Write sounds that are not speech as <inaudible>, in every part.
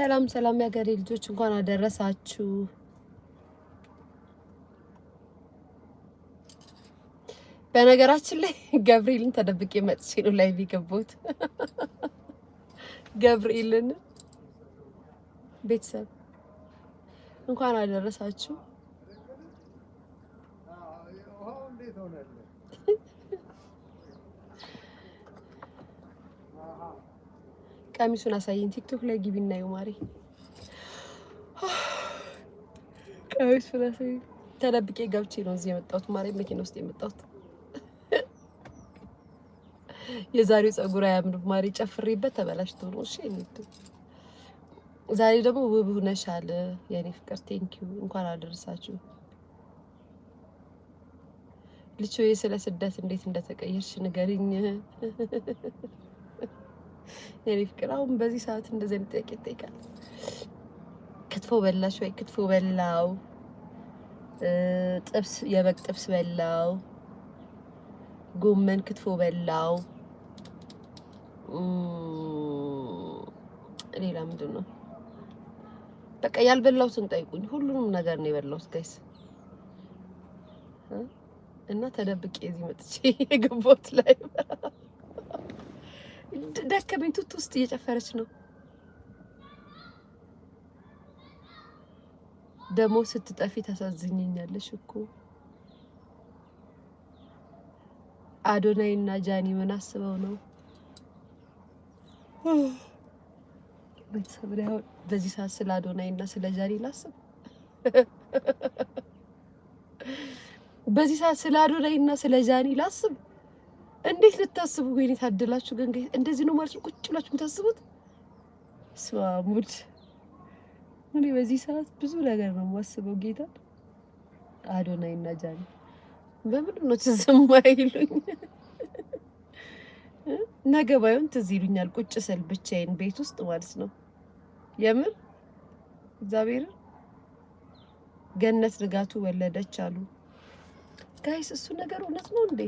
ሰላም ሰላም የሀገሬ ልጆች እንኳን አደረሳችሁ። በነገራችን ላይ <laughs> ገብርኤልን ተደብቄ መጥቼ ነው ላይ ቢገቡት <laughs> ገብርኤልን ቤተሰብ እንኳን አደረሳችሁ። ቀሚሱን አሳየኝ። ቲክቶክ ላይ ግቢ እናየው ማሬ። ቀሚሱ አሳየኝ። ተደብቄ ገብቼ ነው እዚህ የመጣሁት ማሬ፣ መኪና ውስጥ የመጣሁት። የዛሬው ጸጉር አያምር ማሬ፣ ጨፍሬበት ተበላሽቶ ነው። እሺ ዛሬ ደግሞ ውብ አለ የኔ ፍቅር፣ ቴንኪዩ እንኳን አደረሳችሁ። ልጆዬ ስለ ስደት እንዴት እንደተቀየርሽ ንገሪኝ። የኔ ፍቅር አሁን በዚህ ሰዓት እንደዚህ አይነት ጥያቄ ይጠይቃል። ክትፎ በላሽ ወይ? ክትፎ በላው። ጥብስ፣ የበግ ጥብስ በላው። ጎመን ክትፎ በላው። ሌላ ምንድን ነው? በቃ ያልበላሁትን ጠይቁኝ። ሁሉንም ነገር ነው የበላሁት ጋይስ እና ተደብቄ እዚህ መጥቼ የገባሁት ላይ ደከመኝ ቱት ውስጥ እየጨፈረች ነው። ደግሞ ስትጠፊ ታሳዝኝኛለሽ እኮ አዶናይ እና ጃኒ ምን አስበው ነው? ቤተሰብ በዚህ ሰዓት ስለ አዶናይ እና ስለ ጃኒ ላስብ። በዚህ ሰዓት ስለ አዶናይ እና ስለ ጃኒ ላስብ። እንዴት ልታስቡ? ወይኔ ታደላችሁ። ግን እንደዚህ ነው ማለት ነው ቁጭ ብላችሁ የምታስቡት። ስማሙድ እኔ በዚህ ሰዓት ብዙ ነገር ነው የማስበው። ጌታ አዶናይ እና ጃኒ በምንድን ነው ትዝ የማይሉኝ? ነገ ባይሆን ትዝ ይሉኛል ቁጭ ስል ብቻዬን ቤት ውስጥ ማለት ነው። የምር እግዚአብሔርን ገነት ንጋቱ ወለደች አሉ ጋይስ። እሱ ነገር እውነት ነው እንዴ?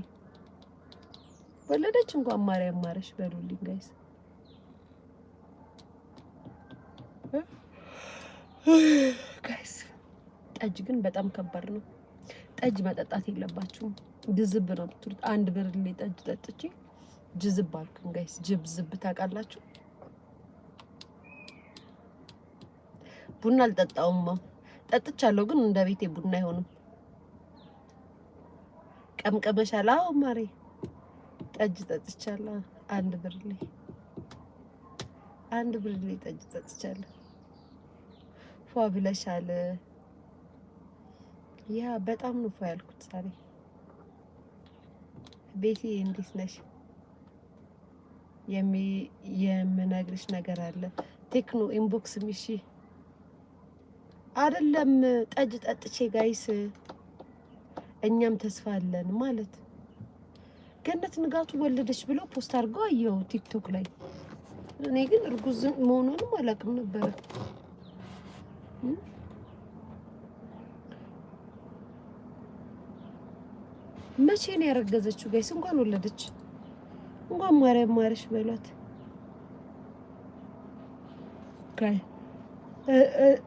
ወለደች። እንኳን ማርያም ማረሽ በሉልኝ ጋይስ። ጋይስ ጠጅ ግን በጣም ከባድ ነው። ጠጅ መጠጣት የለባችሁም። ድዝብ ነው የምትሉት። አንድ ብርሌ ጠጅ ጠጥቼ ጅዝብ አልኩኝ ጋይስ። ጅብ ዝብ ታውቃላችሁ። ቡና አልጠጣውም። ጠጥቻለሁ ግን እንደ ቤቴ ቡና አይሆንም። ቀምቀመሻል? አዎ ማሬ ጠጅ ጠጥቻለሁ። አንድ ብርሌ አንድ ብርሌ ጠጅ ጠጥቻለሁ። ፏ ብለሻል። ያ በጣም ነው ፏ ያልኩት ዛሬ። ቤቲ እንዴት ነሽ? የምነግርሽ ነገር አለ። ቴክኖ ኢንቦክስ ሚሺ አይደለም ጠጅ ጠጥቼ ጋይስ፣ እኛም ተስፋ አለን ማለት ገነት ንጋቱ ወለደች ብሎ ፖስት አድርገው አየው ቲክቶክ ላይ። እኔ ግን እርጉዝ መሆኑንም አላውቅም ነበረ። መቼ ነው ያረገዘችው? ጋይስ እንኳን ወለደች። እንኳን ማርያም ማረሽ በሏት።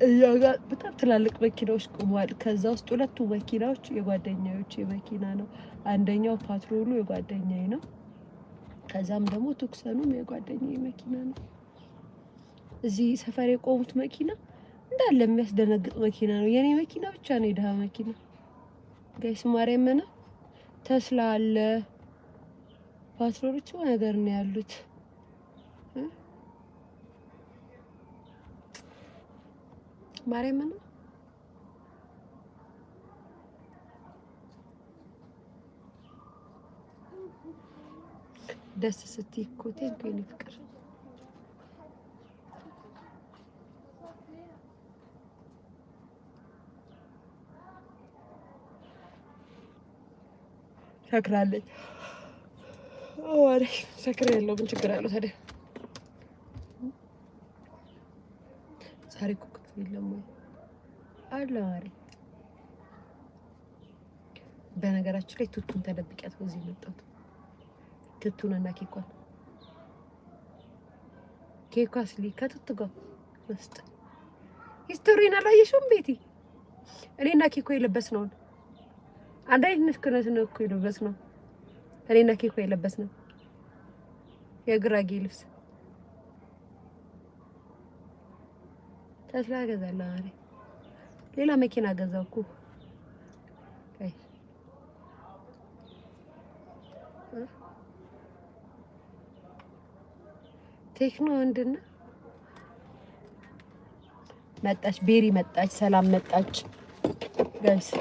እኛ ጋር በጣም ትላልቅ መኪናዎች ቆመዋል። ከዛ ውስጥ ሁለቱ መኪናዎች የጓደኛዎች መኪና ነው። አንደኛው ፓትሮሉ የጓደኛዬ ነው። ከዛም ደግሞ ቱክሰኑም የጓደኛዬ መኪና ነው። እዚህ ሰፈር የቆሙት መኪና እንዳለ የሚያስደነግጥ መኪና ነው። የኔ መኪና ብቻ ነው የድሃ መኪና። ጋይስ ማርያምን ተስላ አለ ፓትሮሎቹ ነገር ነው ያሉት ማርያምን ደስ ስትይ እኮ ቴንኪው የእኔ ፍቅር ሰክራለች። ሰክር ያለው ምን ችግር አለው ታዲያ? ዛሬ የለም ወይ? አለ አሪ። በነገራችን ላይ ቱቱን ተደብቂያት እዚህ መጣት ቱቱን እና ኬኳን ኬኳስ ሊ ከቱቱ ጋር ውስጥ ሂስቶሪን አላየሽውም? ቤቲ እኔና ኬኮ የለበስ ነው አንድ አይነት ክነት ነው እኮ የለበስ ነው እኔና ኬኮ የለበስ ነው የጉራጌ ልብስ ተስላ ገዛለሁ። ኧረ ሌላ መኪና ገዛሁ እኮ ቴክኖ እንድና መጣች። ቤሪ መጣች። ሰላም መጣች። ጋይስ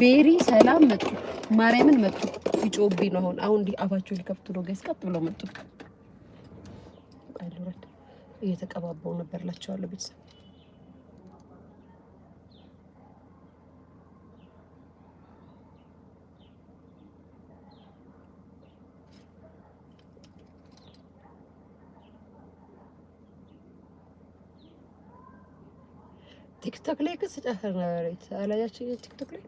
ቤሪ ሰላም መጡ። ማርያምን መጡ። ይጮብኝ ነው አሁን። አሁን አፋቸው ሊከፍቱ ነው ጋይስ። ቀጥ ብለው መጡ። እየተቀባባው ነበር ላቸዋለሁ ቤተሰብ ቲክቶክ ላይ ክስ ጨፍር ነበር አላያቸው ቲክቶክ ላይ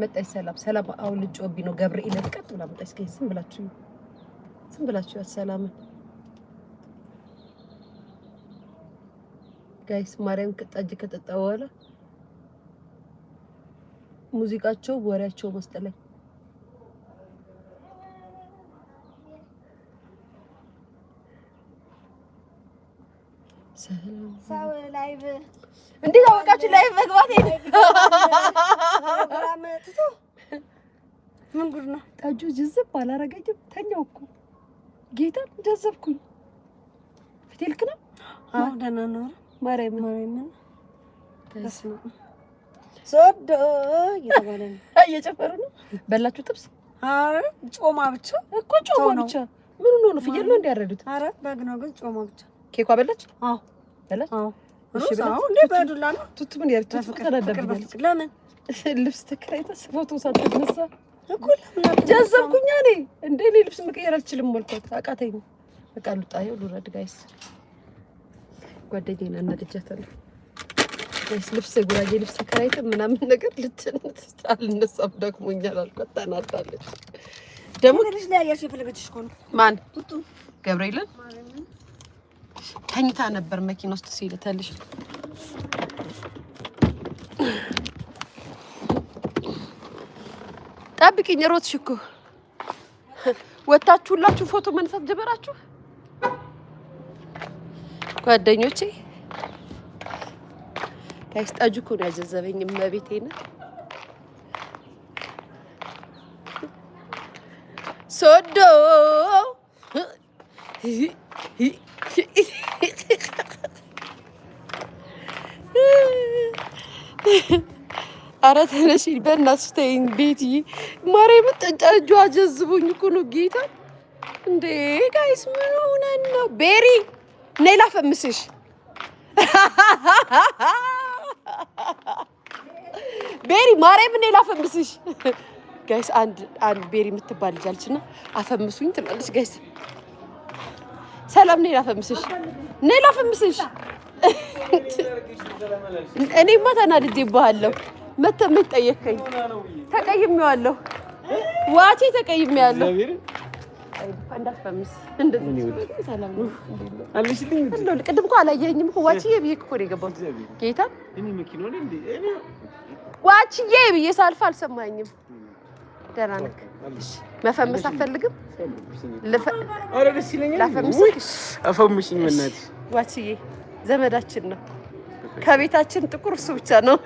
መጣች። ሰላም ሰላም። አሁን ልጮቢ ነው ገብርኤል ቀጥ ብላ መጣች። እስኪ ዝም ብላችሁ ዝም ብላችሁ ሰላምን ጋይስ ማርያም ጠጅ ከጠጣ በኋላ ሙዚቃቸው ወሬያቸው መስጠለኝ እንዴት አወቃችሁ? ላይቭ መግባት ምን ጉድ ነው? ጠጁ ጅዝብ አላረገኝም። ተኛው እኮ ጌታ ጀዘብኩኝ። ፊቴልክ ነው ደህና ነው። ማርያምን ማርያምን ሶዶ እየተባለ ነው፣ እየጨፈሩ ነው። በላችሁ ጥብስ? ኧረ ጮማ ብቻ እኮ ጮማ ብቻ። ምን ሆኖ ነው? ፍየል ነው እንዲያረዱት? ኧረ በግ ነው ግን ጮማ ብቻ ኬኳ በለች አዎ በላች። አዎ እሺ እንዴ በዱላ ነው ቱቱ ምን ያርቱ ለምን <laughs> ልብስ ተከራይታ ፎቶ ሳትነሳ እኔ እንዴ ልብስ መቀየር አልችልም ወልኳት አቃተኝ። በቃ ሉጣ ይኸው ልውረድ ጋይስ። ጓደኛዬን አናድጃታለሁ ጋይስ። ልብስ ጉራጌ ልብስ ተከራይታ ምናምን ነገር ልትነት አልነሳም ደክሞኛል አልኳት። ተናዳለች ደግሞ ልጅ ላይ ማን ቱቱ ገብርኤልን ተኝታ ነበር መኪና ውስጥ ሲልተልሽ ጠብቂኝ። ሮጥሽ እኮ ወታችሁ ሁላችሁ ፎቶ መነሳት ጀበራችሁ። ጓደኞቼ ጋይስ ጠጁ እኮ ነው ያዘዘበኝ። እመቤቴ ነው ሶዶ <laughs> አረ ተነሽ፣ በእናትሽ ተይኝ ቤትዬ። ማርያምን ጠጫ እጇ አጀዝቦኝ እኮ ነው ጌታ። እንዴ ጋይስ ምን ሆነን ነው? ቤሪ ነይ ላፈምስሽ። <laughs> ቤሪ ማርያምን ነይ ላፈምስሽ። <laughs> ጋይስ አንድ አንድ ቤሪ የምትባል ልጃለች እና አፈምሱኝ ትላለች ጋይስ ሰላም ነይ ላፈምስሽ፣ ነይ ላፈምስሽ። እኔማ ተናድጄብሃለሁ። መተህ ምን ጠየከኝ? ተቀይሜዋለሁ። ዋቴ ተቀይሜዋለሁ። ቅድም እኮ አላየኸኝም ዋችዬ ብዬሽ እኮ ነው የገባሁት። ጌታ ዋችዬ ብዬሽ ሳልፍ አልሰማኝም ደህና ነህ? መፈመስ አትፈልግም? አፈምሽኝ። በእናትሽ ዋችዬ ዘመዳችን ነው። ከቤታችን ጥቁር እሱ ብቻ ነው።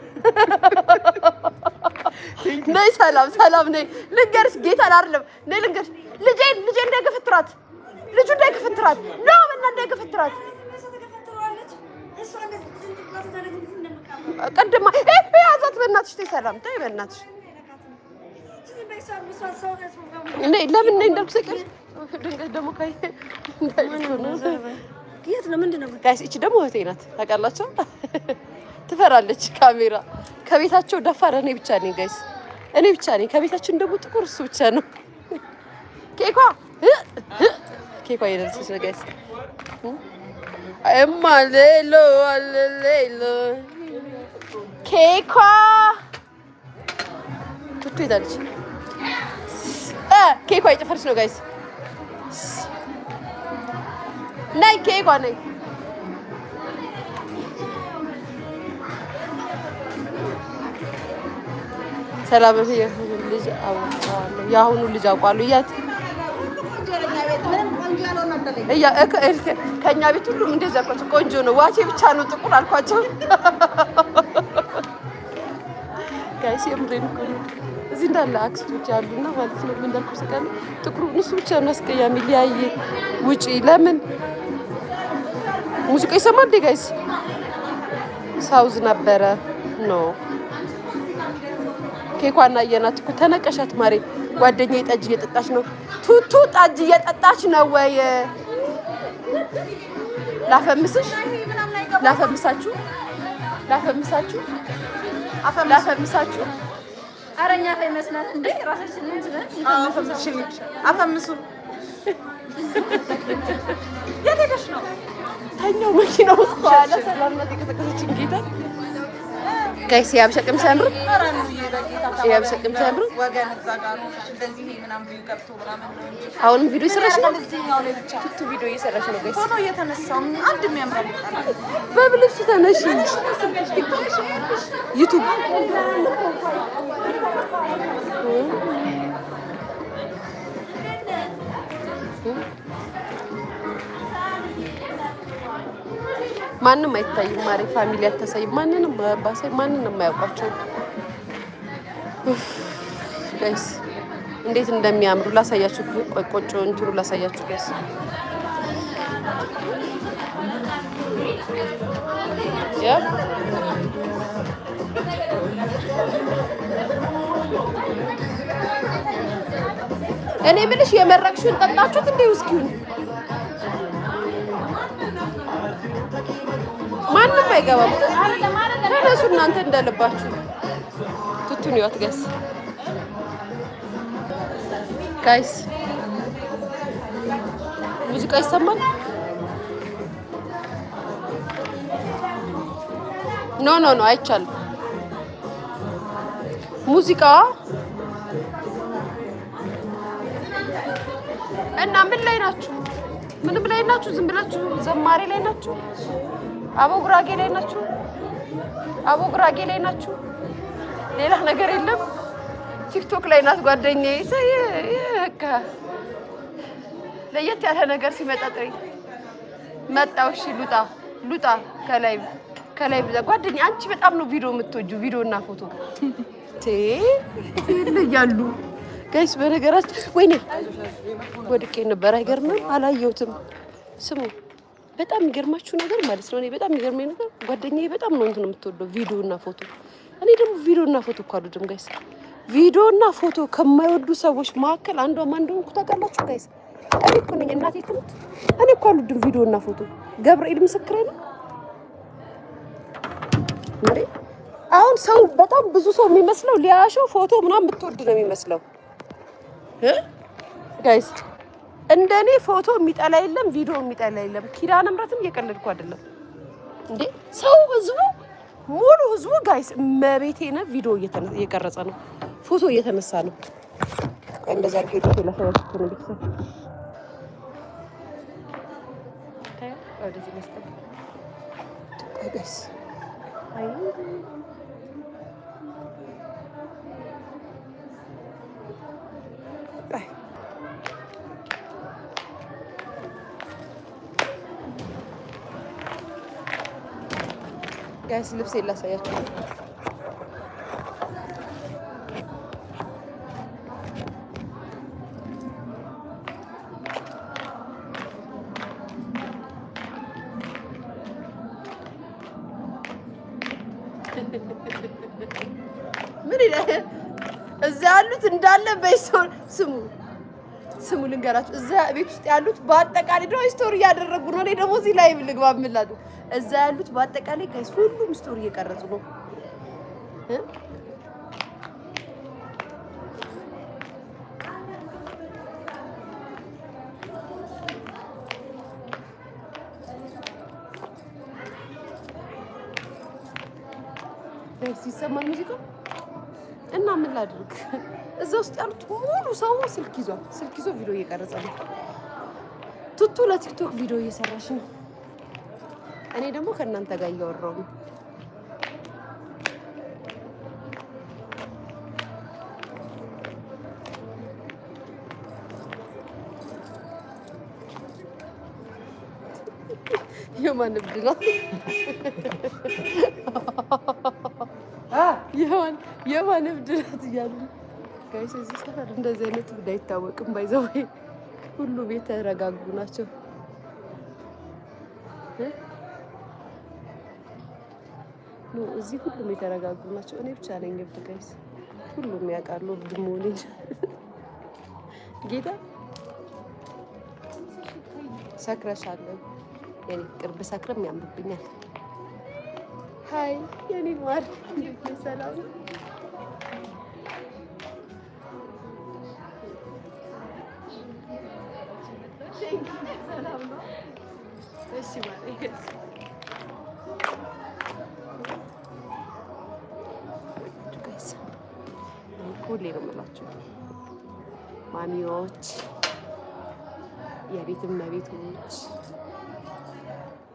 ነይ ሰላም ሰላም፣ ነይ ልንገርሽ። ጌታ አይደለም ነይ ልንገርሽ። ልጄን ልጄን እንዳይገፈትራት፣ ልጁ እንዳይገፈትራት፣ ኖ ምና እንዳይገፈትራት። ቅድማ ያዛት በእናትሽ። ተይ ሰላም፣ ተይ በእናትሽ እንዴ ለምን እንደ እንደልኩ ድንገት ደግሞ የት ነው ምንድን ነው ጋይስ? እቺ ደግሞ እህቴ ናት ታውቃላችሁ። ትፈራለች ካሜራ። ከቤታቸው ደፋር እኔ ብቻ ነኝ ጋይስ፣ እኔ ብቻ ነኝ። ከቤታችን ደግሞ ጥቁር እሱ ብቻ ነው። ኬኳ ኬኳ ነው ጋይስ። እማ ሌሎ ሌሎ ኬኳ ኬኳ የጨፈረች ነው ጋይስ። ናይ ኬኳ ናይ ሰላም ልጅ አውቀዋለሁ፣ የአሁኑ ልጅ አውቀዋለሁ እያት ከእኛ ቤት ሁሉም እንደዚያ አልኳቸው። ቆንጆ ነው ዋቼ ብቻ ነው ጥቁር አልኳቸው ጋይስ <laughs> የምሬን እዚህ እንዳለ አክስቶች ያሉና ማለት ነው። ምንዳልኩ ስቀል ጥቁሩ እሱ ብቻ ነው አስቀያሚ። ሊያይ ውጪ ለምን ሙዚቃ ይሰማል? እንዴ ጋይስ ሳውዝ ነበረ ኖ ኬኳና አየናት እኮ ተነቀሻት። ማሬ ጓደኛዬ ጠጅ እየጠጣች ነው። ቱቱ ጠጅ እየጠጣች ነው ወይ ላፈምስሽ? ላፈምሳችሁ? ላፈምሳችሁ? ላፈምሳችሁ? አረኛ ፈይ መስናት እንዴ ራሳችንን ይችላል። አፈምሱ የት ሄደሽ ነው? ተኛው መኪና ውስጥ ያለ ሰላምነት የቀሰቀሰችን ጌታ ጋይስ የሀበሻ ቀሚስ አያምሩ? የሀበሻ አሁንም ቪዲዮ እየሰራሽ ነው። ቱቱ ቪዲዮ እየሰራሽ ነው ጋይስ። በብልሽ ተነሽ ዩቱብ ማንም አይታይም። ማሬ ፋሚሊ አታሳይም። ማንንም ባሳይ ማንንም አያውቋቸው። ጋይስ እንዴት እንደሚያምሩ ላሳያችሁ። ቆጮ እንትሩ ላሳያችሁ ጋይስ እኔ ብልሽ የመረቅሽን ጠጣችሁት እንዴ ውስኪውን አይገባም። ተነሱ እናንተ እንዳለባችሁ ቱቱን ይወት ገስ ጋይስ ሙዚቃ ይሰማል። ኖ ኖ ኖ አይቻልም። ሙዚቃ እና ምን ላይ ናችሁ? ምንም ላይ ናችሁ? ዝም ብላችሁ ዘማሪ ላይ ናችሁ? አቦ ጉራጌ ላይ ናችሁ? አቦ ጉራጌ ላይ ናችሁ? ሌላ ነገር የለም። ቲክቶክ ላይ ናት ጓደኛዬ። ይሄ ለየት ያለ ነገር ሲመጣ ጥሪ መጣው። እሺ ሉጣ ሉጣ ከላይ ከላይ ጓደኛ አንቺ በጣም ነው ቪዲዮ የምትወጁ ቪዲዮ ፎቶ ይለያሉ ጋይስ። በነገራችን ወይኔ ወድቄ ነበር አይገርምም? አላየሁትም ስሙ በጣም የሚገርማችሁ ነገር ማለት ነው። እኔ በጣም የሚገርመኝ ነገር ጓደኛዬ በጣም ነው እንትን የምትወደው ቪዲዮ እና ፎቶ። እኔ ደግሞ ቪዲዮ እና ፎቶ እኮ አልወድም ጋይስ። ቪዲዮ እና ፎቶ ከማይወዱ ሰዎች መካከል አንዷ ማን እንደሆንኩ ታውቃላችሁ ጋይስ? እኔ እኮ ነኝ እናቴ ትሙት። እኔ እኮ አልወድም ቪዲዮ እና ፎቶ። ገብርኤል ምስክሬ ነው። አሁን ሰው በጣም ብዙ ሰው የሚመስለው ሊያሾ ፎቶ ምናምን የምትወድ ነው የሚመስለው ጋይስ እንደኔ ፎቶ የሚጠላ የለም፣ ቪዲዮ የሚጠላ የለም። ኪዳነ ምሕረትን እየቀለድኩ አይደለም እንዴ ሰው ህዝቡ ሙሉ ህዝቡ ጋይስ ነ ቪዲዮ እየቀረጸ ነው፣ ፎቶ እየተነሳ ነው። እንደዛ ርጌ ለሰዎች ጋይስ ልብስ የላሳያቸው ምን ይላል? እዚያ ያሉት እንዳለ በስቶሪ ስሙ ስሙ ልንገራችሁ። እዚያ ቤት ውስጥ ያሉት በአጠቃላይ ደግሞ ስቶሪ እያደረጉ ነው። እኔ ደግሞ እዚህ ላይ ልግባ ምላሉ እዛ ያሉት በአጠቃላይ ጋይስ ሁሉም ስቶሪ እየቀረጹ ነው። ይሰማል ሙዚቃው እና ምን ላድርግ? እዛ ውስጥ ያሉት ሙሉ ሰው ስልክ ይዟል። ስልክ ይዞ ቪዲዮ እየቀረጸ ነው። ቱቱ ለቲክቶክ ቪዲዮ እየሰራች ነው። እኔ ደግሞ ከእናንተ ጋር እያወራሁ ነው። የማን እብድ ነው? የማን እብድ ናት እያሉ ጋይስ፣ እዚህ ሰፈር እንደዚህ አይነት እብድ አይታወቅም። ባይዘወይ ሁሉ ቤት ተረጋጉ ናቸው። እዚህ ሁሉም የተረጋጉ ናቸው። እኔ ብቻ ነኝ እብድ ጋይስ። ሁሉም ያውቃሉ እብድ መሆኔን። ጌታ ሰክረሻለሁ። የኔ ቅርብ ሰክረም ያምርብኛል። ሀይ የኔ ማር ሰላም ሰላም ነው። ሁሌ ነው የምላችሁ ማሚዎች፣ የቤት እመቤቶች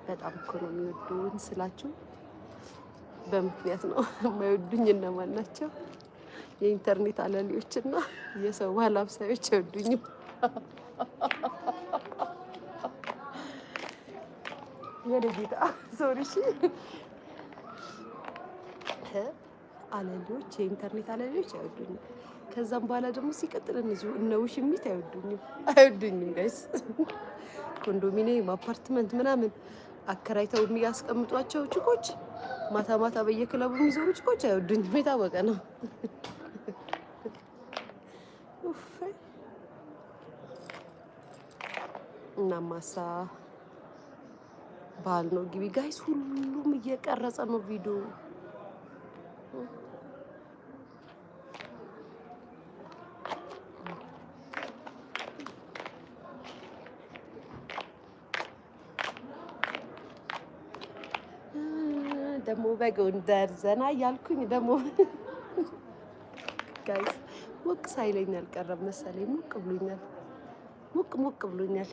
በጣም እኮ ነው የሚወዱን ስላችሁ በምክንያት ነው <laughs> የማይወዱኝ። እነማን ናቸው? የኢንተርኔት አላሊዎች እና የሰው ባህል አብሳዮች አይወዱኝም። <laughs> ወደ ጌታ ሶሪ አለሌዎች የኢንተርኔት አለሌዎች አይወዱኝም። ከዛም በኋላ ደግሞ ሲቀጥል እነዚሁ እነ ውሽሚት አይወዱኝም አይወዱኝም። ጋይስ ኮንዶሚኒየም አፓርትመንት ምናምን አከራይተው የሚያስቀምጧቸው ችኮች ማታ ማታ በየክለቡ የሚዞሩ ጭቆች አይወዱኝም። የታወቀ ነው። እናማሳ ባህል ነው ግቢ ጋይስ። ሁሉም እየቀረጸ ነው ቪዲዮ በጎንደር ዘና እያልኩኝ ደግሞ ጋይስ <laughs> ሞቅ ሳይለኝ አልቀረም መሰለኝ። ሞቅ ብሎኛል፣ ሞቅ ሞቅ ብሎኛል።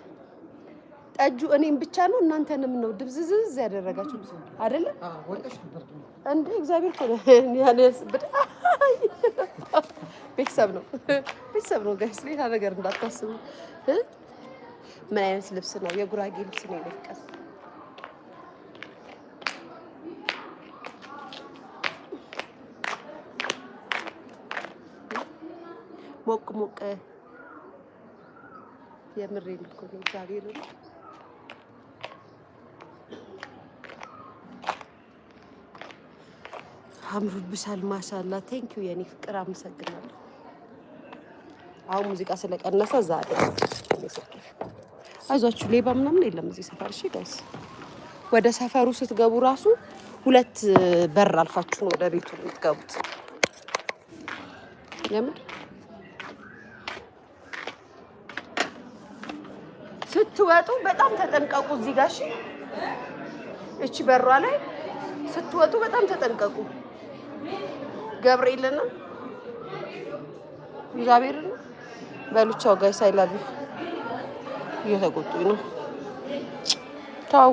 ጠጁ እኔም ብቻ ነው እናንተንም ነው ድብዝዝዝ ያደረጋችሁ አይደለ እንዴ? እግዚአብሔር <laughs> ቤተሰብ ነው ቤተሰብ ነው ጋይስ፣ ሌላ ነገር እንዳታስቡ። ምን አይነት ልብስ ነው? የጉራጌ ልብስ ነው የለቀስ ሞቅ ሞቅ የምሬን እኮ ነው እግዚአብሔር አምሮብሻል። ማሻላ ቴንኪው የኔ ፍቅር አመሰግናለሁ። አሁን ሙዚቃ ስለቀነሰ ዛሬ አይዟችሁ፣ ሌባ ምናምን የለም እዚህ ሰፈር። እሺ ጋይስ፣ ወደ ሰፈሩ ስትገቡ ራሱ ሁለት በር አልፋችሁ ነው ወደ ቤቱ የምትገቡት። የምር ስትወጡ በጣም ተጠንቀቁ። እዚህ ጋር እቺ በሯ ላይ ስትወጡ በጣም ተጠንቀቁ። ገብርኤልና እግዚአብሔርና በሉቻው ጋር ሳይላሉ እየተቆጡኝ ነው። ታው